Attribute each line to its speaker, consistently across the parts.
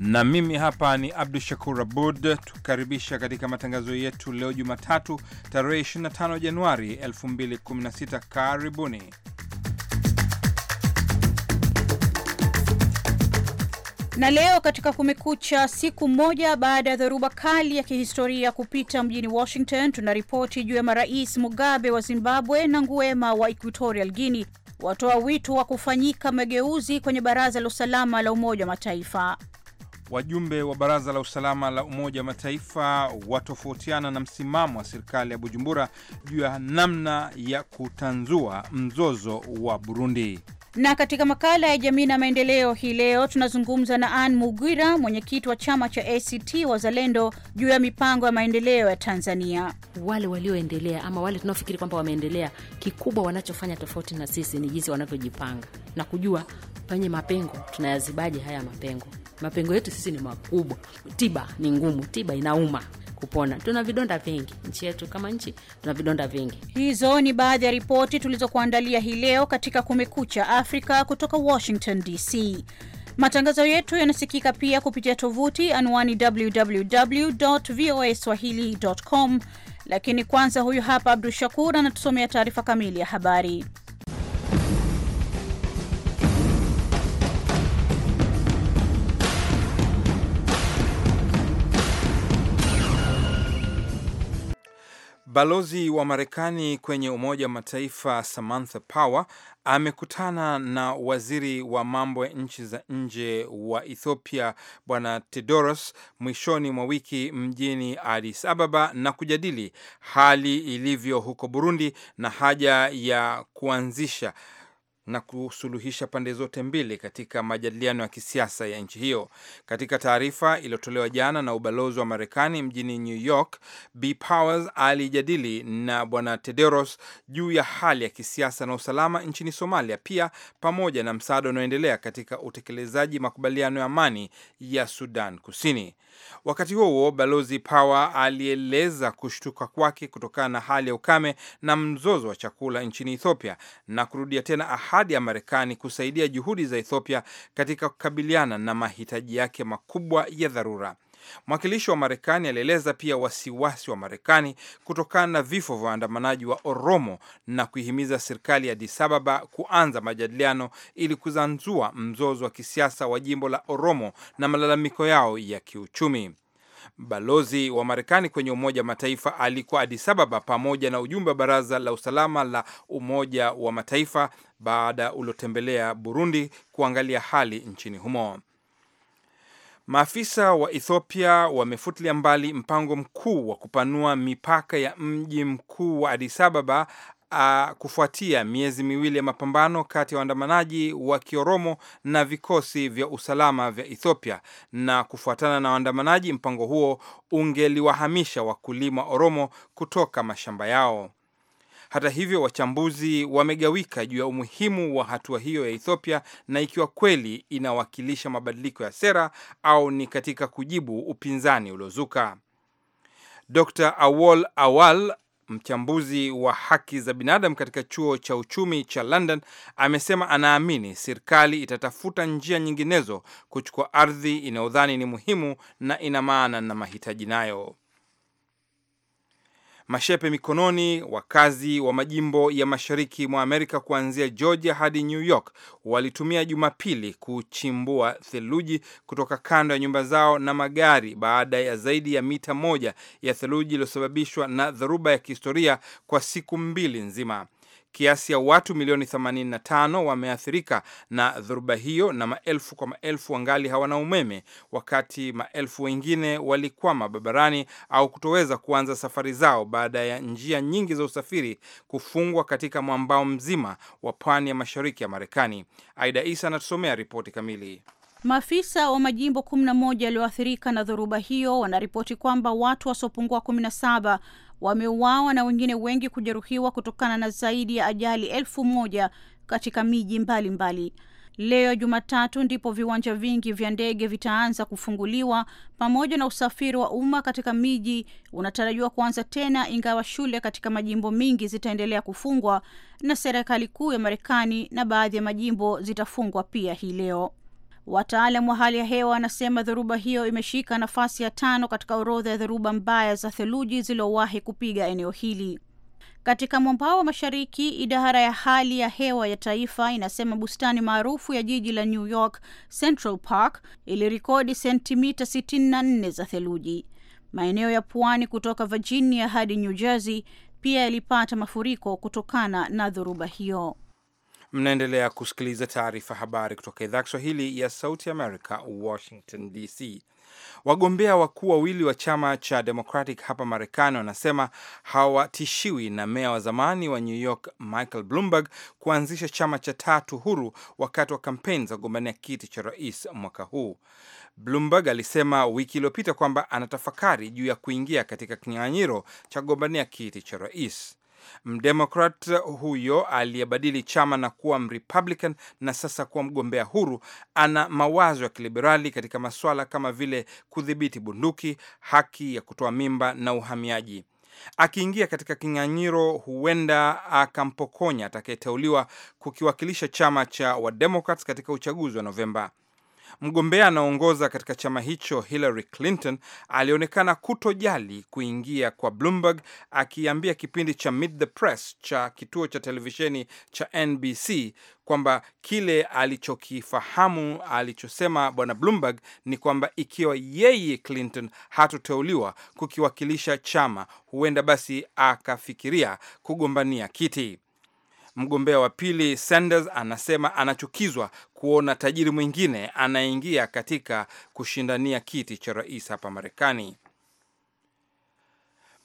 Speaker 1: na mimi hapa ni Abdu Shakur Abud, tukaribisha katika matangazo yetu leo Jumatatu tarehe 25 Januari 2016. Karibuni.
Speaker 2: Na leo katika Kumekucha, siku moja baada ya dhoruba kali ya kihistoria kupita mjini Washington, tunaripoti juu ya marais Mugabe wa Zimbabwe na Nguema wa Equatorial Guinea watoa wito wa kufanyika mageuzi kwenye Baraza la Usalama la Umoja wa Mataifa.
Speaker 1: Wajumbe wa baraza la usalama la Umoja wa Mataifa watofautiana na msimamo wa serikali ya Bujumbura juu ya namna ya kutanzua mzozo wa Burundi.
Speaker 2: Na katika makala ya jamii na maendeleo hii leo tunazungumza na Anne Mugwira, mwenyekiti wa chama cha ACT
Speaker 3: Wazalendo, juu ya mipango ya maendeleo ya Tanzania. Wale walioendelea ama wale tunaofikiri kwamba wameendelea, kikubwa wanachofanya tofauti na sisi ni jinsi wanavyojipanga na kujua penye mapengo tunayazibaje haya mapengo. Mapengo yetu sisi ni makubwa. Tiba ni ngumu, tiba inauma kupona. Tuna vidonda vingi nchi yetu, kama nchi tuna vidonda vingi. Hizo ni baadhi ya ripoti tulizokuandalia hii leo katika Kumekucha Afrika kutoka
Speaker 2: Washington DC. Matangazo yetu yanasikika pia kupitia tovuti anwani www.voaswahili.com. Lakini kwanza, huyu hapa Abdu Shakur anatusomea taarifa kamili ya habari.
Speaker 1: Balozi wa Marekani kwenye Umoja wa Mataifa Samantha Power amekutana na waziri wa mambo ya nchi za nje wa Ethiopia Bwana Tedoros mwishoni mwa wiki mjini Addis Ababa na kujadili hali ilivyo huko Burundi na haja ya kuanzisha na kusuluhisha pande zote mbili katika majadiliano ya kisiasa ya nchi hiyo. Katika taarifa iliyotolewa jana na ubalozi wa Marekani mjini New York, B Powers alijadili na bwana Tederos juu ya hali ya kisiasa na usalama nchini Somalia, pia pamoja na msaada unaoendelea katika utekelezaji makubaliano ya amani ya Sudan Kusini. Wakati huo huo, balozi Power alieleza kushtuka kwake kutokana na hali ya ukame na mzozo wa chakula nchini Ethiopia na kurudia tena ahadi ya Marekani kusaidia juhudi za Ethiopia katika kukabiliana na mahitaji yake makubwa ya dharura. Mwakilishi wa Marekani alieleza pia wasiwasi wa Marekani kutokana na vifo vya waandamanaji wa Oromo na kuihimiza serikali ya Addis Ababa kuanza majadiliano ili kuzanzua mzozo wa kisiasa wa jimbo la Oromo na malalamiko yao ya kiuchumi. Balozi wa Marekani kwenye Umoja wa Mataifa alikuwa Addis Ababa pamoja na ujumbe wa Baraza la Usalama la Umoja wa Mataifa baada uliotembelea Burundi kuangalia hali nchini humo. Maafisa wa Ethiopia wamefutilia mbali mpango mkuu wa kupanua mipaka ya mji mkuu wa Addis Ababa a, ah, kufuatia miezi miwili ya mapambano kati ya waandamanaji wa Kioromo na vikosi vya usalama vya Ethiopia. Na kufuatana na waandamanaji, mpango huo ungeliwahamisha wakulima Oromo kutoka mashamba yao. Hata hivyo, wachambuzi wamegawika juu ya umuhimu wa hatua hiyo ya Ethiopia na ikiwa kweli inawakilisha mabadiliko ya sera au ni katika kujibu upinzani uliozuka. Dr. Awol Awal mchambuzi wa haki za binadamu katika chuo cha uchumi cha London amesema anaamini serikali itatafuta njia nyinginezo kuchukua ardhi inayodhani ni muhimu na ina maana na mahitaji nayo mashepe mikononi. Wakazi wa majimbo ya mashariki mwa Amerika kuanzia Georgia hadi New York walitumia Jumapili kuchimbua theluji kutoka kando ya nyumba zao na magari baada ya zaidi ya mita moja ya theluji iliyosababishwa na dhoruba ya kihistoria kwa siku mbili nzima kiasi ya watu milioni 85 wameathirika na dhoruba hiyo, na maelfu kwa maelfu wangali hawana umeme, wakati maelfu wengine walikwama barabarani au kutoweza kuanza safari zao baada ya njia nyingi za usafiri kufungwa katika mwambao mzima wa pwani ya mashariki ya Marekani. Aida Isa anatusomea ripoti kamili.
Speaker 2: Maafisa wa majimbo 11 yaliyoathirika na dhoruba hiyo wanaripoti kwamba watu wasiopungua 17 wameuawa na wengine wengi kujeruhiwa kutokana na zaidi ya ajali elfu moja katika miji mbalimbali. Leo Jumatatu ndipo viwanja vingi vya ndege vitaanza kufunguliwa pamoja na usafiri wa umma katika miji unatarajiwa kuanza tena, ingawa shule katika majimbo mingi zitaendelea kufungwa na serikali kuu ya Marekani na baadhi ya majimbo zitafungwa pia hii leo. Wataalam wa hali ya hewa wanasema dhoruba hiyo imeshika nafasi ya tano katika orodha ya dhoruba mbaya za theluji zilizowahi kupiga eneo hili. Katika mwambao wa mashariki, idara ya hali ya hewa ya taifa inasema bustani maarufu ya jiji la New York, Central Park, ilirekodi sentimita 64 za theluji. Maeneo ya pwani kutoka Virginia hadi New Jersey pia yalipata mafuriko kutokana na dhoruba hiyo.
Speaker 1: Mnaendelea kusikiliza taarifa habari kutoka idhaa Kiswahili ya Sauti america Washington DC. Wagombea wakuu wawili wa chama cha Democratic hapa Marekani wanasema hawatishiwi na meya wa zamani wa New York Michael Bloomberg kuanzisha chama cha tatu huru wakati wa kampeni za kugombania kiti cha rais mwaka huu. Bloomberg alisema wiki iliyopita kwamba anatafakari juu ya kuingia katika kinyang'anyiro cha kugombania kiti cha rais. Mdemokrat huyo aliyebadili chama na kuwa Mrepublican na sasa kuwa mgombea huru ana mawazo ya kiliberali katika masuala kama vile kudhibiti bunduki, haki ya kutoa mimba na uhamiaji. Akiingia katika kinyang'anyiro, huenda akampokonya atakayeteuliwa kukiwakilisha chama cha Wademokrat katika uchaguzi wa Novemba. Mgombea anaongoza katika chama hicho Hillary Clinton alionekana kutojali kuingia kwa Bloomberg, akiambia kipindi cha Meet the Press cha kituo cha televisheni cha NBC kwamba kile alichokifahamu alichosema bwana Bloomberg ni kwamba ikiwa yeye Clinton hatoteuliwa kukiwakilisha chama, huenda basi akafikiria kugombania kiti. Mgombea wa pili Sanders anasema anachukizwa kuona tajiri mwingine anaingia katika kushindania kiti cha rais hapa Marekani.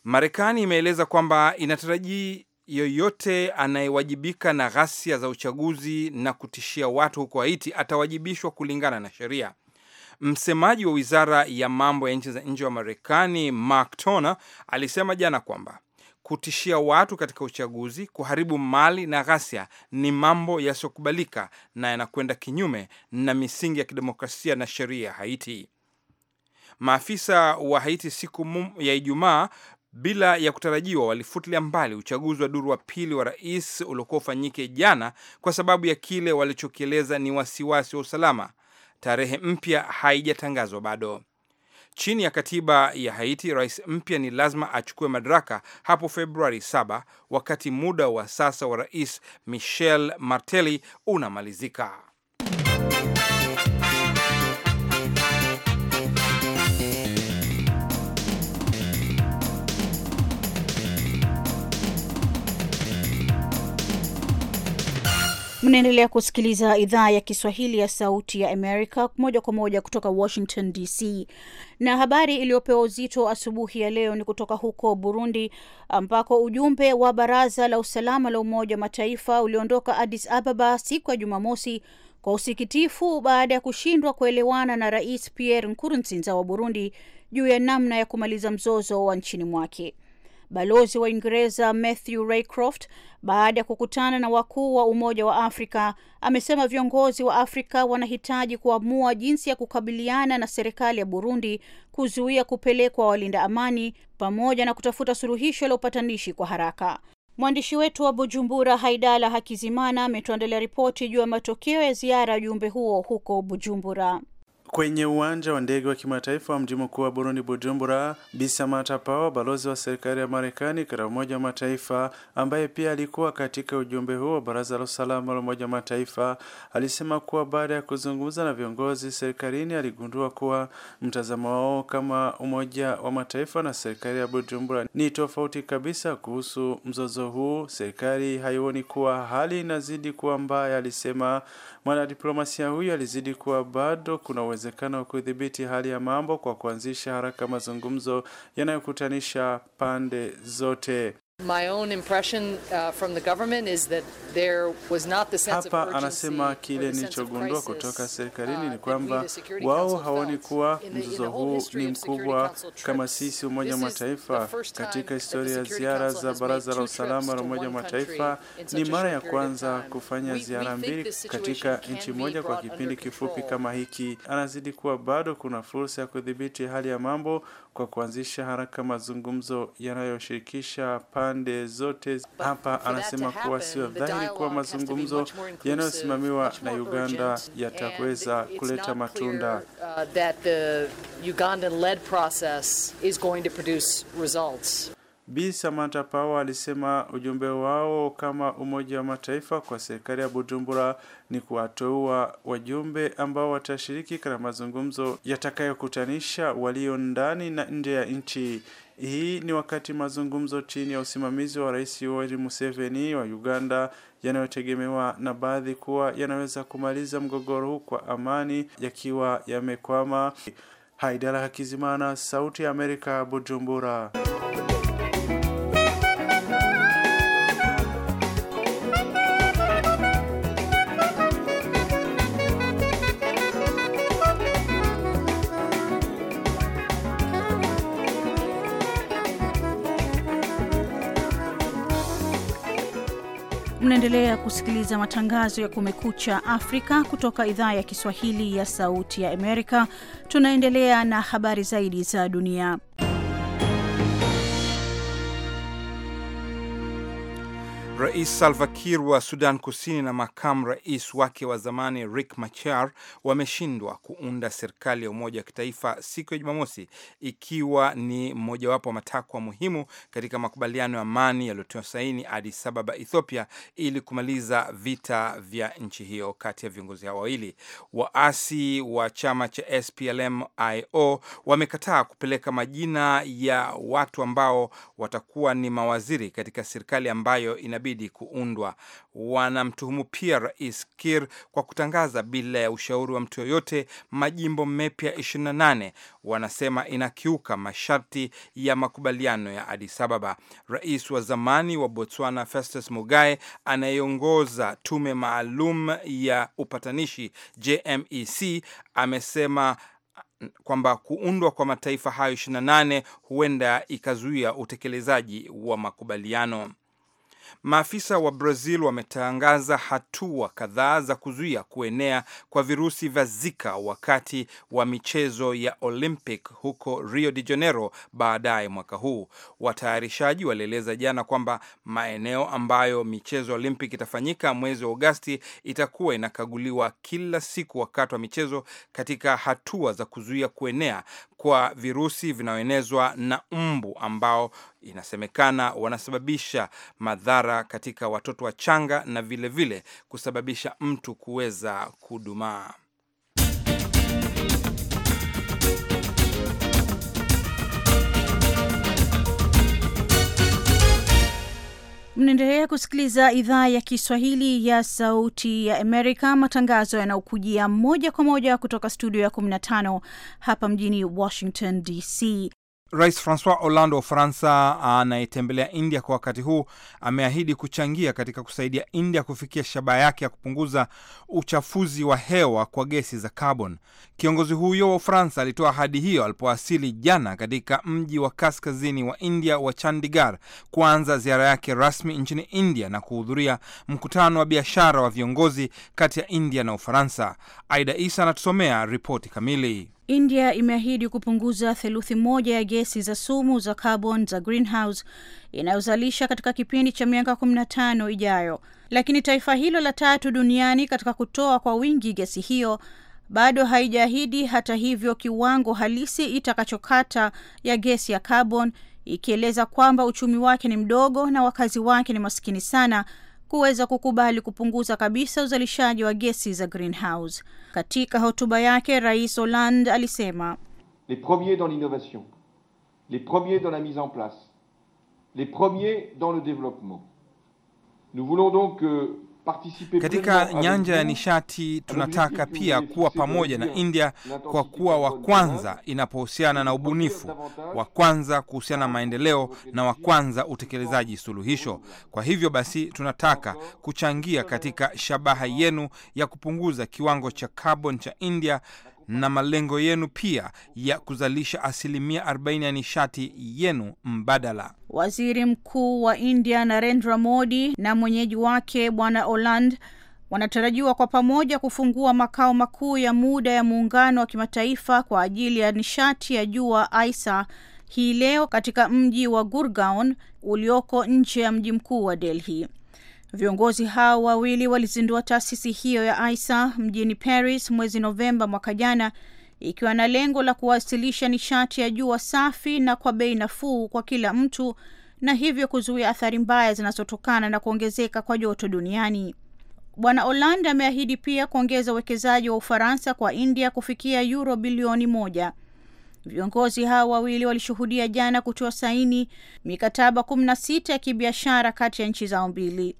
Speaker 1: Marekani imeeleza kwamba inatarajii yoyote anayewajibika na ghasia za uchaguzi na kutishia watu huko Haiti atawajibishwa kulingana na sheria. Msemaji wa wizara ya mambo ya nchi za nje wa Marekani Mark Toner alisema jana kwamba kutishia watu katika uchaguzi, kuharibu mali na ghasia ni mambo yasiyokubalika na yanakwenda kinyume na misingi ya kidemokrasia na sheria ya Haiti. Maafisa wa Haiti siku ya Ijumaa bila ya kutarajiwa walifutilia mbali uchaguzi wa duru wa pili wa rais uliokuwa ufanyike jana kwa sababu ya kile walichokieleza ni wasiwasi wa usalama. Tarehe mpya haijatangazwa bado. Chini ya katiba ya Haiti, rais mpya ni lazima achukue madaraka hapo Februari 7 wakati muda wa sasa wa rais Michel Martelly unamalizika.
Speaker 2: Unaendelea kusikiliza idhaa ya Kiswahili ya Sauti ya Amerika moja kwa moja kutoka Washington DC, na habari iliyopewa uzito asubuhi ya leo ni kutoka huko Burundi, ambako ujumbe wa Baraza la Usalama la Umoja wa Mataifa uliondoka Addis Ababa siku ya Jumamosi kwa usikitifu baada ya kushindwa kuelewana na Rais Pierre Nkurunziza wa Burundi juu ya namna ya kumaliza mzozo wa nchini mwake. Balozi wa Uingereza Matthew Raycroft baada ya kukutana na wakuu wa Umoja wa Afrika amesema viongozi wa Afrika wanahitaji kuamua jinsi ya kukabiliana na serikali ya Burundi, kuzuia kupelekwa walinda amani pamoja na kutafuta suluhisho la upatanishi kwa haraka. Mwandishi wetu wa Bujumbura, Haidala Hakizimana, ametuandalia ripoti juu ya matokeo ya ziara ya ujumbe huo huko Bujumbura.
Speaker 4: Kwenye uwanja wa ndege wa kimataifa wa mji mkuu wa Burundi, Bujumbura, Bi Samantha Power, balozi wa serikali ya Marekani katika Umoja wa Mataifa, ambaye pia alikuwa katika ujumbe huo wa Baraza la Usalama la Umoja wa Mataifa, alisema kuwa baada ya kuzungumza na viongozi serikalini aligundua kuwa mtazamo wao kama Umoja wa Mataifa na serikali ya Bujumbura ni tofauti kabisa kuhusu mzozo huu. Serikali haioni kuwa hali inazidi kuwa mbaya, alisema. Mwanadiplomasia huyo alizidi kuwa bado kuna uwezekano uwezekano wa kudhibiti hali ya mambo kwa kuanzisha haraka mazungumzo yanayokutanisha pande zote. Uh, Hapa anasema kile nilichogundua kutoka uh, serikalini ni kwamba wao hawaoni kuwa mzozo huu ni mkubwa kama sisi Umoja wa Mataifa. Katika historia ya ziara za Baraza la Usalama la Umoja wa Mataifa, ni mara ya kwanza kufanya ziara mbili katika nchi moja kwa kipindi kifupi kama hiki. Anazidi kuwa bado kuna fursa ya kudhibiti hali ya mambo kwa kuanzisha haraka mazungumzo yanayoshirikisha pande zote. Hapa anasema kuwa sio dhahiri kuwa mazungumzo yanayosimamiwa na Uganda yataweza kuleta matunda.
Speaker 1: Uh, that the Ugandan-led process
Speaker 5: is going to produce results.
Speaker 4: Bi Samantha Power alisema ujumbe wao kama Umoja wa Mataifa kwa serikali ya Bujumbura ni kuwateua wajumbe ambao watashiriki katika mazungumzo yatakayokutanisha walio ndani na nje ya nchi. Hii ni wakati mazungumzo chini ya usimamizi wa Rais Yoweri Museveni wa Uganda yanayotegemewa na baadhi kuwa yanaweza kumaliza mgogoro huu kwa amani yakiwa yamekwama. Haidara Hakizimana, Sauti ya Amerika, Bujumbura.
Speaker 2: Mnaendelea kusikiliza matangazo ya Kumekucha Afrika kutoka idhaa ya Kiswahili ya Sauti ya Amerika. Tunaendelea na habari zaidi za dunia.
Speaker 1: Rais Salva Kiir wa Sudan Kusini na makamu rais wake wa zamani rick Machar wameshindwa kuunda serikali ya umoja wa kitaifa siku ya Jumamosi, ikiwa ni mmojawapo wa matakwa muhimu katika makubaliano ya amani yaliyotiwa saini Addis Ababa, Ethiopia, ili kumaliza vita vya nchi hiyo kati ya viongozi hao wawili. Waasi wa chama cha SPLM-IO wamekataa kupeleka majina ya watu ambao watakuwa ni mawaziri katika serikali ambayo inabidi hadi kuundwa. Wanamtuhumu pia Rais Kir kwa kutangaza bila ya ushauri wa mtu yoyote majimbo mepya 28. Wanasema inakiuka masharti ya makubaliano ya Adis Ababa. Rais wa zamani wa Botswana Festus Mogae anayeongoza tume maalum ya upatanishi JMEC amesema kwamba kuundwa kwa mataifa hayo 28 huenda ikazuia utekelezaji wa makubaliano. Maafisa wa Brazil wametangaza hatua kadhaa za kuzuia kuenea kwa virusi vya Zika wakati wa michezo ya Olympic huko Rio de Janeiro baadaye mwaka huu. Watayarishaji walieleza jana kwamba maeneo ambayo michezo ya Olympic itafanyika mwezi wa Agosti itakuwa inakaguliwa kila siku wakati wa michezo katika hatua za kuzuia kuenea kwa virusi vinayoenezwa na mbu ambao inasemekana wanasababisha madhara katika watoto wachanga na vilevile vile kusababisha mtu kuweza kudumaa.
Speaker 2: Mnaendelea kusikiliza idhaa ya Kiswahili ya Sauti ya Amerika, matangazo yanaokujia moja kwa moja kutoka studio ya 15 hapa mjini Washington DC.
Speaker 1: Rais Francois Hollande wa Ufaransa ah, anayetembelea India kwa wakati huu ameahidi kuchangia katika kusaidia India kufikia shabaha yake ya kupunguza uchafuzi wa hewa kwa gesi za carbon. Kiongozi huyo wa Ufaransa alitoa ahadi hiyo alipowasili jana katika mji wa kaskazini wa India wa Chandigarh kuanza ziara yake rasmi nchini India na kuhudhuria mkutano wa biashara wa viongozi kati ya India na Ufaransa. Aida Isa anatusomea ripoti kamili.
Speaker 2: India imeahidi kupunguza theluthi moja ya gesi za sumu za carbon za greenhouse inayozalisha katika kipindi cha miaka 15 ijayo, lakini taifa hilo la tatu duniani katika kutoa kwa wingi gesi hiyo bado haijaahidi hata hivyo kiwango halisi itakachokata ya gesi ya carbon, ikieleza kwamba uchumi wake ni mdogo na wakazi wake ni masikini sana
Speaker 1: les premiers dans l'innovation, les premiers dans la mise en place, les premiers dans le développement. Nous voulons donc que Katika nyanja ya nishati tunataka pia kuwa pamoja na India kwa kuwa wa kwanza inapohusiana na ubunifu, wa kwanza kuhusiana na maendeleo na wa kwanza utekelezaji suluhisho. Kwa hivyo basi, tunataka kuchangia katika shabaha yenu ya kupunguza kiwango cha kaboni cha India na malengo yenu pia ya kuzalisha asilimia 40 ya nishati yenu mbadala.
Speaker 2: Waziri Mkuu wa India Narendra Modi na mwenyeji wake Bwana Oland wanatarajiwa kwa pamoja kufungua makao makuu ya muda ya muungano wa kimataifa kwa ajili ya nishati ya jua AISA hii leo katika mji wa Gurgaon ulioko nje ya mji mkuu wa Delhi. Viongozi hao wawili walizindua taasisi hiyo ya AISA mjini Paris mwezi Novemba mwaka jana ikiwa na lengo la kuwasilisha nishati ya jua safi na kwa bei nafuu kwa kila mtu na hivyo kuzuia athari mbaya zinazotokana na kuongezeka kwa joto duniani. Bwana Hollande ameahidi pia kuongeza uwekezaji wa Ufaransa kwa India kufikia euro bilioni moja. Viongozi hao wawili walishuhudia jana kutoa saini mikataba kumi na sita ya kibiashara kati ya nchi zao mbili.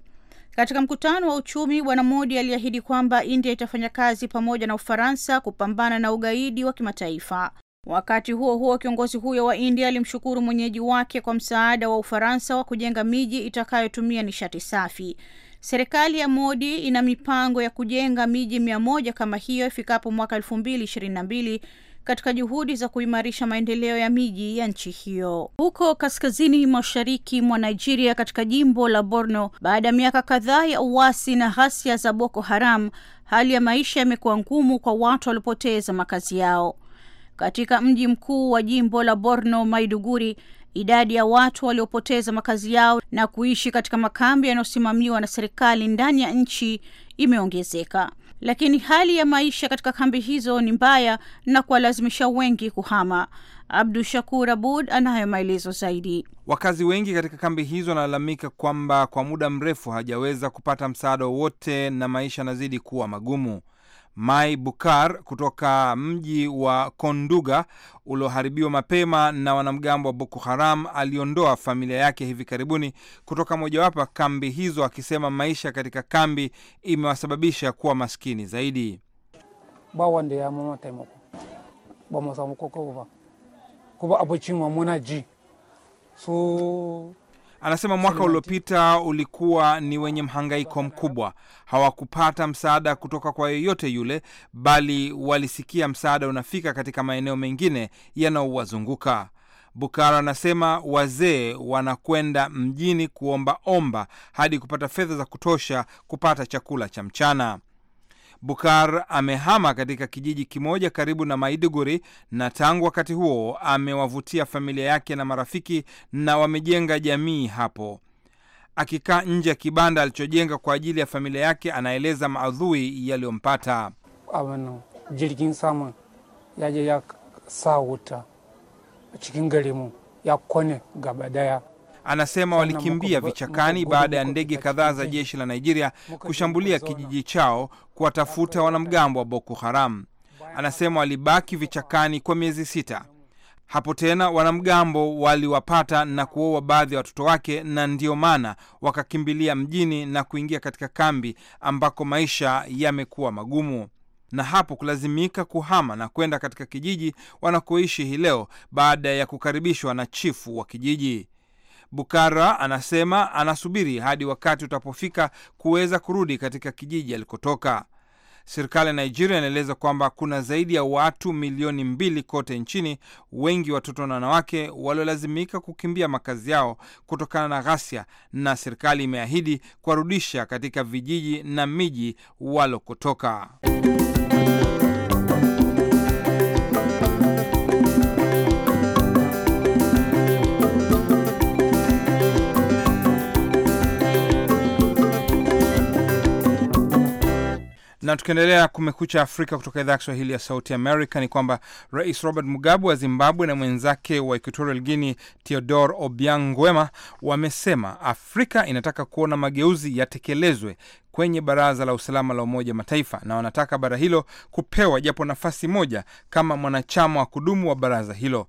Speaker 2: Katika mkutano wa uchumi, bwana Modi aliahidi kwamba India itafanya kazi pamoja na Ufaransa kupambana na ugaidi wa kimataifa. Wakati huo huo, kiongozi huyo wa India alimshukuru mwenyeji wake kwa msaada wa Ufaransa wa kujenga miji itakayotumia nishati safi. Serikali ya Modi ina mipango ya kujenga miji mia moja kama hiyo ifikapo mwaka elfu mbili ishirini na mbili katika juhudi za kuimarisha maendeleo ya miji ya nchi hiyo. Huko kaskazini mashariki mwa Nigeria, katika jimbo la Borno, baada ya miaka kadhaa ya uasi na ghasia za Boko Haram, hali ya maisha yamekuwa ngumu kwa watu waliopoteza makazi yao. Katika mji mkuu wa jimbo la Borno, Maiduguri, idadi ya watu waliopoteza makazi yao na kuishi katika makambi yanayosimamiwa na serikali ndani ya nchi imeongezeka lakini hali ya maisha katika kambi hizo ni mbaya na kuwalazimisha wengi kuhama. Abdu Shakur Abud anayo maelezo zaidi.
Speaker 1: Wakazi wengi katika kambi hizo wanalalamika kwamba kwa muda mrefu hawajaweza kupata msaada wowote na maisha yanazidi kuwa magumu. Mai Bukar kutoka mji wa Konduga ulioharibiwa mapema na wanamgambo wa Boko Haram aliondoa familia yake hivi karibuni kutoka mojawapo kambi hizo, akisema maisha katika kambi imewasababisha kuwa maskini zaidi. Anasema mwaka uliopita ulikuwa ni wenye mhangaiko mkubwa. Hawakupata msaada kutoka kwa yeyote yule, bali walisikia msaada unafika katika maeneo mengine yanaowazunguka. Bukara anasema wazee wanakwenda mjini kuomba omba hadi kupata fedha za kutosha kupata chakula cha mchana. Bukar amehama katika kijiji kimoja karibu na Maiduguri na tangu wakati huo amewavutia familia yake na marafiki na wamejenga jamii hapo. Akikaa nje ya kibanda alichojenga kwa ajili ya familia yake, anaeleza maadhui yaliyompata. jirgin sama yaje ya sauta cikin yakone gabadaya Anasema walikimbia vichakani baada ya ndege kadhaa za jeshi la Nigeria kushambulia kijiji chao kuwatafuta wanamgambo wa Boko Haram. Anasema walibaki vichakani kwa miezi sita. Hapo tena wanamgambo waliwapata na kuoa baadhi ya watoto wake, na ndiyo maana wakakimbilia mjini na kuingia katika kambi ambako maisha yamekuwa magumu, na hapo kulazimika kuhama na kwenda katika kijiji wanakoishi hii leo, baada ya kukaribishwa na chifu wa kijiji. Bukara anasema anasubiri hadi wakati utapofika kuweza kurudi katika kijiji alikotoka. Serikali ya Nigeria inaeleza kwamba kuna zaidi ya watu milioni mbili kote nchini, wengi watoto na wanawake, waliolazimika kukimbia makazi yao kutokana na ghasia, na serikali imeahidi kuwarudisha katika vijiji na miji walokotoka. Na tukiendelea Kumekucha Afrika kutoka idhaa ya Kiswahili ya Sauti Amerika, ni kwamba Rais Robert Mugabe wa Zimbabwe na mwenzake wa Equatorial guini Theodore obiangwema wamesema Afrika inataka kuona mageuzi yatekelezwe kwenye Baraza la Usalama la Umoja wa Mataifa, na wanataka bara hilo kupewa japo nafasi moja kama mwanachama wa kudumu wa baraza hilo.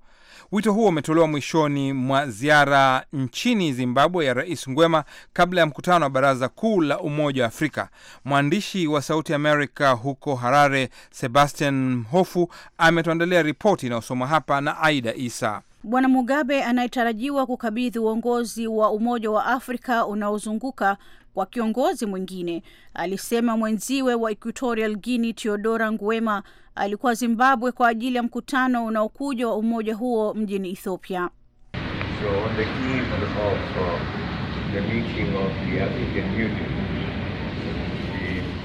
Speaker 1: Wito huo umetolewa mwishoni mwa ziara nchini Zimbabwe ya Rais Ngwema kabla ya mkutano wa Baraza Kuu la Umoja wa Afrika. Mwandishi wa Sauti Amerika huko Harare, Sebastian Mhofu, ametuandalia ripoti inayosomwa hapa na Aida Isa.
Speaker 2: Bwana Mugabe anayetarajiwa kukabidhi uongozi wa Umoja wa Afrika unaozunguka kwa kiongozi mwingine, alisema mwenziwe wa Equatorial Guinea Teodora Nguema alikuwa Zimbabwe kwa ajili ya mkutano unaokuja wa umoja huo mjini Ethiopia.
Speaker 1: So, uh,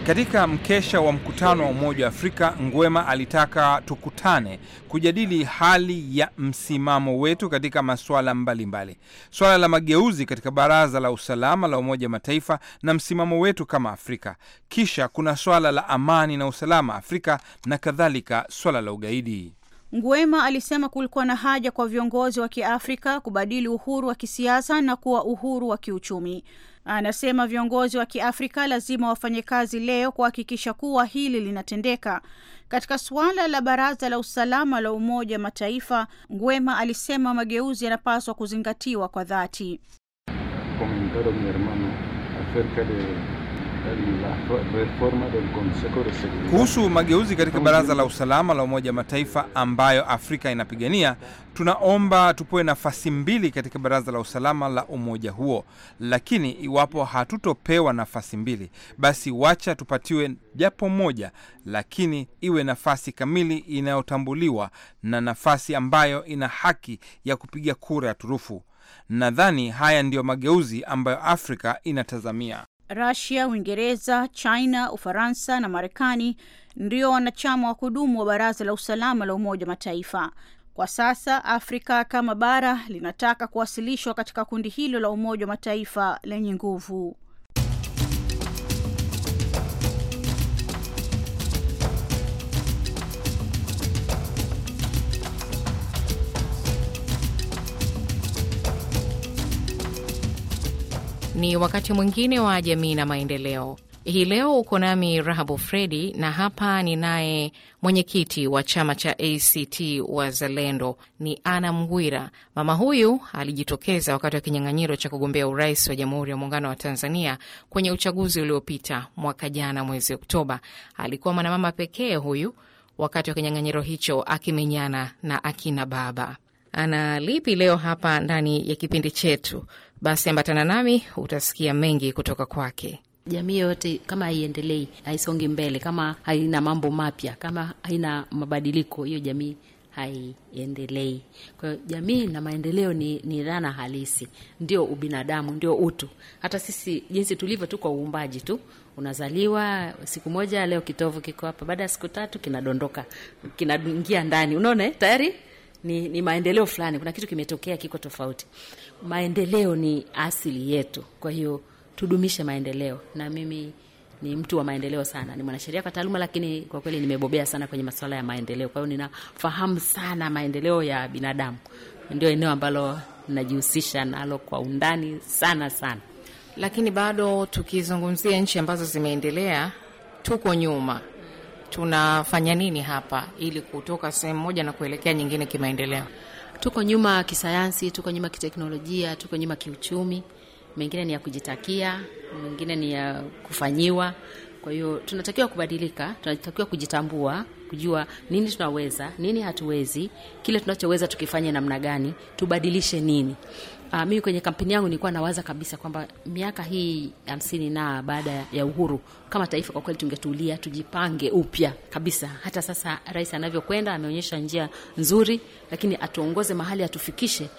Speaker 1: katika mkesha wa mkutano wa Umoja wa Afrika, Ngwema alitaka tukutane kujadili hali ya msimamo wetu katika masuala mbalimbali, swala la mageuzi katika Baraza la Usalama la Umoja Mataifa na msimamo wetu kama Afrika. Kisha kuna swala la amani na usalama Afrika na kadhalika, swala la ugaidi.
Speaker 2: Nguema alisema kulikuwa na haja kwa viongozi wa Kiafrika kubadili uhuru wa kisiasa na kuwa uhuru wa kiuchumi. Anasema viongozi wa Kiafrika lazima wafanye kazi leo kuhakikisha kuwa hili linatendeka. Katika suala la Baraza la Usalama la Umoja Mataifa, Ngwema alisema mageuzi yanapaswa kuzingatiwa kwa dhati.
Speaker 4: Kuhusu mageuzi
Speaker 1: katika Baraza la Usalama la Umoja Mataifa ambayo Afrika inapigania, tunaomba tupewe nafasi mbili katika Baraza la Usalama la umoja huo, lakini iwapo hatutopewa nafasi mbili, basi wacha tupatiwe japo moja, lakini iwe nafasi kamili inayotambuliwa na nafasi ambayo ina haki ya kupiga kura ya turufu. Nadhani haya ndiyo mageuzi ambayo Afrika inatazamia.
Speaker 2: Rasia, Uingereza, China, Ufaransa na Marekani ndio wanachama wa kudumu wa Baraza la Usalama la Umoja Mataifa. Kwa sasa Afrika kama bara linataka kuwasilishwa katika kundi hilo la Umoja wa Mataifa lenye nguvu.
Speaker 5: Ni wakati mwingine wa jamii na maendeleo. Hii leo uko nami Rahabu Fredi, na hapa ninaye mwenyekiti wa chama cha ACT Wazalendo ni Ana Mgwira. Mama huyu alijitokeza wakati wa kinyang'anyiro cha kugombea urais wa Jamhuri ya Muungano wa Tanzania kwenye uchaguzi uliopita mwaka jana mwezi Oktoba. Alikuwa mwanamama pekee huyu wakati wa kinyang'anyiro hicho akimenyana na akina baba. Ana lipi leo hapa ndani ya kipindi chetu? basi ambatana nami utasikia mengi kutoka kwake.
Speaker 3: Jamii yoyote kama haiendelei, haisongi mbele, kama haina mambo mapya, kama haina mabadiliko, hiyo jamii haiendelei. Kwa hiyo jamii na maendeleo ni, ni dhana halisi, ndio ubinadamu, ndio utu. Hata sisi jinsi tulivyo tu kwa uumbaji tu, unazaliwa siku moja, leo kitovu kiko hapa, baada ya siku tatu kinadondoka, kinaingia ndani, unaona eh? tayari ni, ni maendeleo fulani, kuna kitu kimetokea kiko tofauti. Maendeleo ni asili yetu, kwa hiyo tudumishe maendeleo. Na mimi ni mtu wa maendeleo sana, ni mwanasheria kwa taaluma, lakini kwa kweli nimebobea sana kwenye masuala ya maendeleo. Kwa hiyo ninafahamu sana maendeleo ya binadamu, ndio eneo ambalo
Speaker 5: najihusisha nalo kwa undani sana sana. Lakini bado tukizungumzia nchi ambazo zimeendelea, tuko nyuma tunafanya nini hapa ili kutoka sehemu moja na kuelekea nyingine kimaendeleo. Tuko nyuma kisayansi,
Speaker 3: tuko nyuma kiteknolojia, tuko nyuma kiuchumi. Mengine ni ya kujitakia, mengine ni ya kufanyiwa. Kwa hiyo tunatakiwa kubadilika, tunatakiwa kujitambua, kujua nini tunaweza, nini hatuwezi, kile tunachoweza tukifanye namna gani, tubadilishe nini. Uh, mimi kwenye kampeni yangu nilikuwa nawaza kabisa kwamba miaka hii hamsini na baada ya uhuru kama taifa kwa kweli tungetulia tujipange upya kabisa. Hata sasa rais anavyokwenda ameonyesha njia nzuri, lakini atuongoze mahali atufikishe,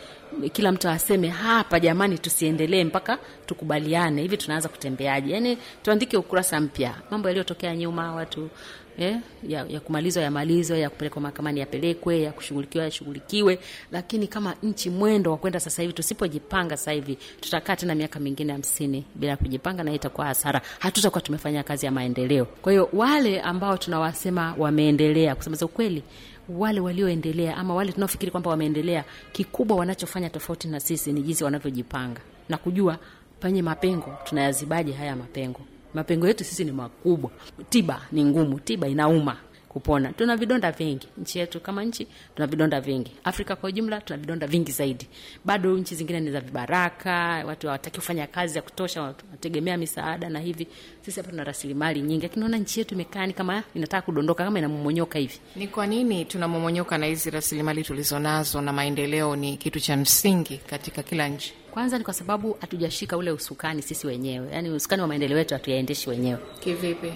Speaker 3: kila mtu aseme hapa, jamani, tusiendelee mpaka tukubaliane hivi tunaanza kutembeaje. Yani tuandike ukurasa mpya, mambo yaliyotokea nyuma, watu eh, ya, ya kumalizwa yamalizwe, ya kupelekwa mahakamani yapelekwe, ya kushughulikiwa yashughulikiwe. Lakini kama nchi mwendo wa kwenda sasa hivi, tusipojipanga sasa hivi, tutakaa tena miaka mingine hamsini bila kujipanga, na itakuwa hasara, hatutakuwa tumefanya kazi ya maendeleo. Kwa hiyo wale ambao tunawasema wameendelea, kusema ukweli wale walioendelea ama wale tunaofikiri kwamba wameendelea, kikubwa wanachofanya tofauti na sisi ni jinsi wanavyojipanga na kujua penye mapengo tunayazibaje haya mapengo. Mapengo yetu sisi ni makubwa. Tiba ni ngumu, tiba inauma kupona. Tuna vidonda vingi nchi yetu, kama nchi tuna vidonda vingi. Afrika kwa ujumla tuna vidonda vingi zaidi. Bado nchi zingine ni za vibaraka, watu hawataki kufanya kazi ya kutosha, wanategemea misaada
Speaker 5: na hivi. Sisi hapa tuna rasilimali nyingi, lakini naona nchi yetu imekaa ni kama inataka kudondoka, kama inamomonyoka hivi. Ni kwa nini tunamomonyoka? Na hizi rasilimali tulizonazo na maendeleo ni kitu cha msingi katika kila nchi. Kwanza ni kwa sababu hatujashika ule usukani sisi wenyewe, yaani usukani wa
Speaker 3: maendeleo yetu hatuyaendeshi wenyewe. Kivipi?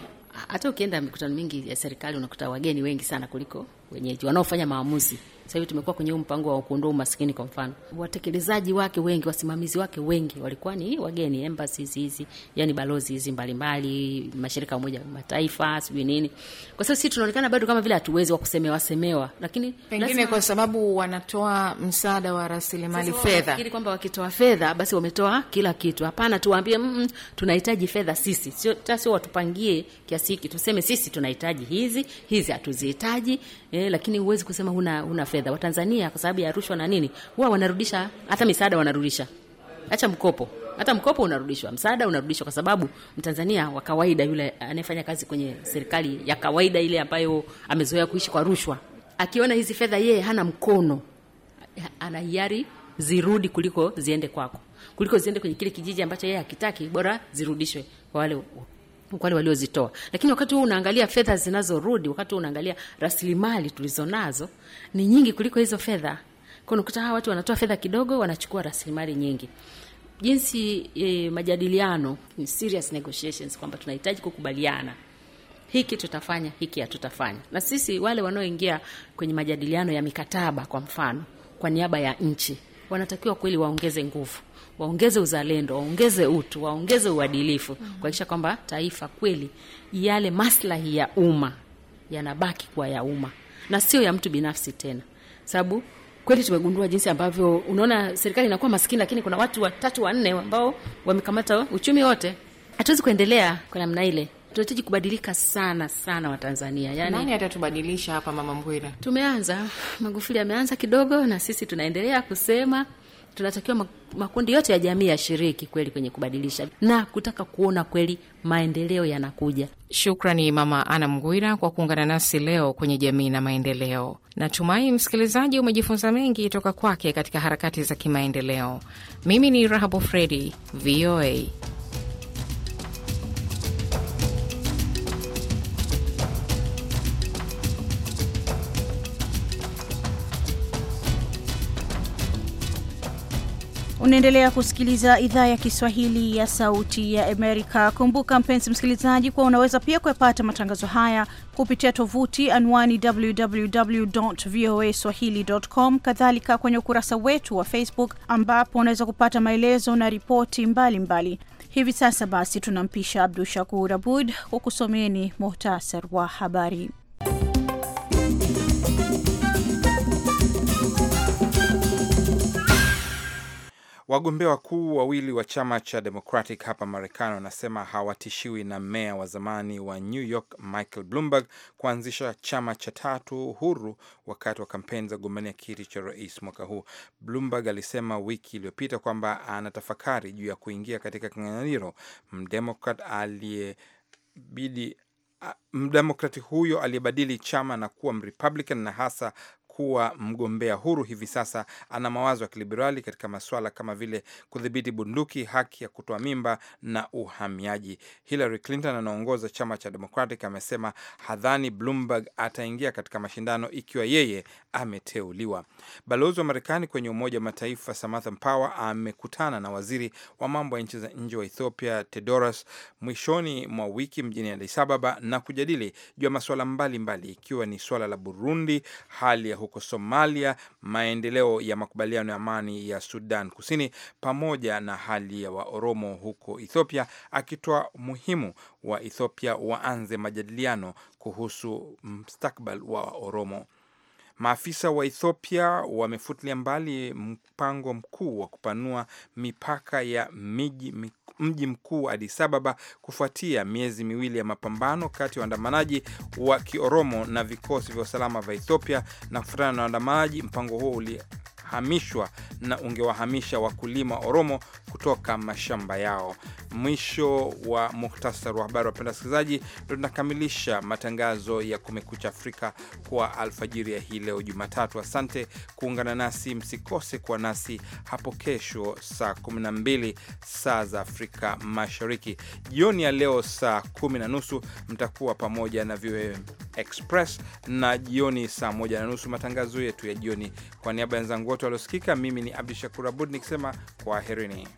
Speaker 3: Hata ukienda mikutano mingi ya serikali unakuta wageni wengi sana kuliko wenyeji wanaofanya maamuzi sahivi tumekuwa kwenye huu mpango wa kuondoa umaskini. Kwa mfano, watekelezaji wake wengi, wasimamizi wake wengi walikuwa ni wageni, embassies hizi, yani balozi hizi mbalimbali, mashirika ya Umoja Mataifa, sijui nini. Kwa sasa sisi tunaonekana bado kama vile hatuwezi wa kusemewa semewa, lakini pengine lasima, kwa
Speaker 5: sababu wanatoa msaada wa rasilimali fedha, nafikiri
Speaker 3: kwamba wakitoa fedha basi wametoa kila kitu. Hapana, tuwaambie mm, mm tunahitaji fedha sisi, sio sio watupangie kiasi hiki, tuseme sisi tunahitaji hizi hizi, hatuzihitaji eh, lakini huwezi kusema huna huna fedha fedha. Watanzania kwa sababu ya rushwa na nini, huwa wanarudisha hata misaada, wanarudisha acha mkopo hata mkopo unarudishwa, msaada unarudishwa, kwa sababu mtanzania wa kawaida yule anayefanya kazi kwenye serikali ya kawaida ile ambayo amezoea kuishi kwa rushwa, akiona hizi fedha yeye hana mkono, ana hiari zirudi kuliko ziende kwako, kuliko ziende kwenye kile kijiji ambacho yeye hakitaki, bora zirudishwe kwa wale wale waliozitoa. Lakini wakati huu unaangalia fedha zinazorudi, wakati huu unaangalia rasilimali tulizonazo ni nyingi kuliko hizo fedha. Kwa unakuta hawa watu wanatoa fedha kidogo, wanachukua rasilimali nyingi. Jinsi e, majadiliano ni serious negotiations, kwamba tunahitaji kukubaliana hiki tutafanya, hiki hatutafanya. Na sisi wale wanaoingia kwenye majadiliano ya mikataba, kwa mfano, kwa niaba ya nchi wanatakiwa kweli waongeze nguvu, waongeze uzalendo, waongeze utu, waongeze uadilifu mm -hmm. kuakisha kwamba taifa kweli, yale maslahi ya umma yanabaki kuwa ya umma na sio ya mtu binafsi tena, sababu kweli tumegundua jinsi ambavyo unaona serikali inakuwa maskini, lakini kuna watu watatu wanne ambao wamekamata uchumi wote. Hatuwezi kuendelea kwa namna ile tunahitaji kubadilika sana sana Watanzania. Yani, nani atatubadilisha hapa? Mama mbwira tumeanza. Magufuli ameanza kidogo, na sisi tunaendelea kusema tunatakiwa makundi yote ya jamii yashiriki kweli kwenye kubadilisha na kutaka kuona
Speaker 5: kweli maendeleo yanakuja. Shukrani Mama Ana Mgwira kwa kuungana nasi leo kwenye Jamii na Maendeleo. Natumai msikilizaji umejifunza mengi toka kwake katika harakati za kimaendeleo. Mimi ni Rahabu Fredi, VOA.
Speaker 2: Unaendelea kusikiliza idhaa ya Kiswahili ya Sauti ya Amerika. Kumbuka mpenzi msikilizaji, kuwa unaweza pia kuyapata matangazo haya kupitia tovuti anwani www voa swahili.com, kadhalika kwenye ukurasa wetu wa Facebook ambapo unaweza kupata maelezo na ripoti mbalimbali. Hivi sasa basi tunampisha Abdu Shakur Abud kukusomeni muhtasar wa habari.
Speaker 1: Wagombea wakuu wawili wa chama cha Democratic hapa Marekani wanasema hawatishiwi na meya wa zamani wa New York Michael Bloomberg kuanzisha chama cha tatu huru wakati wa kampeni za kugombania kiti cha rais mwaka huu. Bloomberg alisema wiki iliyopita kwamba anatafakari juu ya kuingia katika kinyang'anyiro. Mdemokrat aliyebidi mdemokrati huyo aliyebadili chama na kuwa mrepublican na hasa kuwa mgombea huru hivi sasa ana mawazo ya kiliberali katika masuala kama vile kudhibiti bunduki, haki ya kutoa mimba na uhamiaji. Hillary Clinton anaongoza chama cha Democratic amesema hadhani Bloomberg ataingia katika mashindano ikiwa yeye ameteuliwa. Balozi wa Marekani kwenye Umoja wa Mataifa Samantha Power amekutana na waziri wa mambo ya nchi za nje wa Ethiopia Tedoros mwishoni mwa wiki mjini Addis Ababa na kujadili juu ya masuala mbalimbali ikiwa ni suala la Burundi, hali ya huko Somalia, maendeleo ya makubaliano ya amani ya Sudan Kusini, pamoja na hali ya Waoromo huko Ethiopia, akitoa muhimu wa Ethiopia waanze majadiliano kuhusu mstakbal wa Waoromo. Maafisa wa Ethiopia wamefutilia mbali mpango mkuu wa kupanua mipaka ya miji mji mkuu wa Addis Ababa kufuatia miezi miwili ya mapambano kati ya waandamanaji wa Kioromo na vikosi vya usalama vya Ethiopia na kufutana na waandamanaji. Mpango huo ungehamishwa na ungewahamisha wakulima Oromo kutoka mashamba yao. Mwisho wa muhtasari wa habari. Wapenda wasikilizaji, ndo tunakamilisha matangazo ya Kumekucha Afrika kwa alfajiri ya hii leo Jumatatu. Asante kuungana nasi, msikose kuwa nasi hapo kesho saa 12 saa za Afrika Mashariki. Jioni ya leo saa kumi na nusu mtakuwa pamoja na VOA Express na jioni saa moja na nusu matangazo yetu ya jioni. Kwa niaba ya wenzangu wote waliosikika. Mimi ni Abdu Shakur Abud nikisema kwaherini.